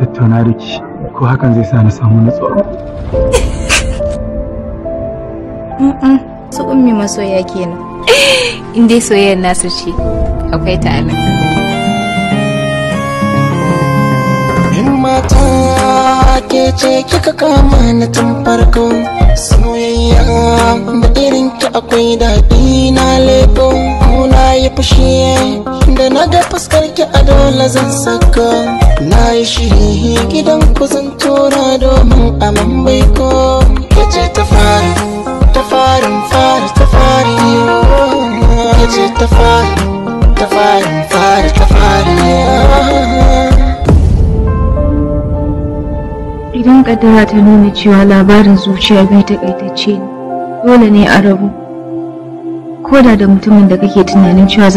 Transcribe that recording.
tattauna da ki ko hakan zai sa na samu nutsuwa. Su ummi masoya kenan. In dai soyayyar nasu ce akwai ta anan. In mata ke ce kika kama na tun farko soyayya da irin ki akwai daɗi na leko na yi fushi da na ga fuskar ki a dole zan saka kai gidan kuzan tura domin a bai ko kace ta fara ta farin fara ta fari kace ta fara ta farin fara ta fari idan kaddara ta nuna cewa labarin zuciya bai takaitacce ne dole ne a rabu ko da da mutumin da kake tunanin cewa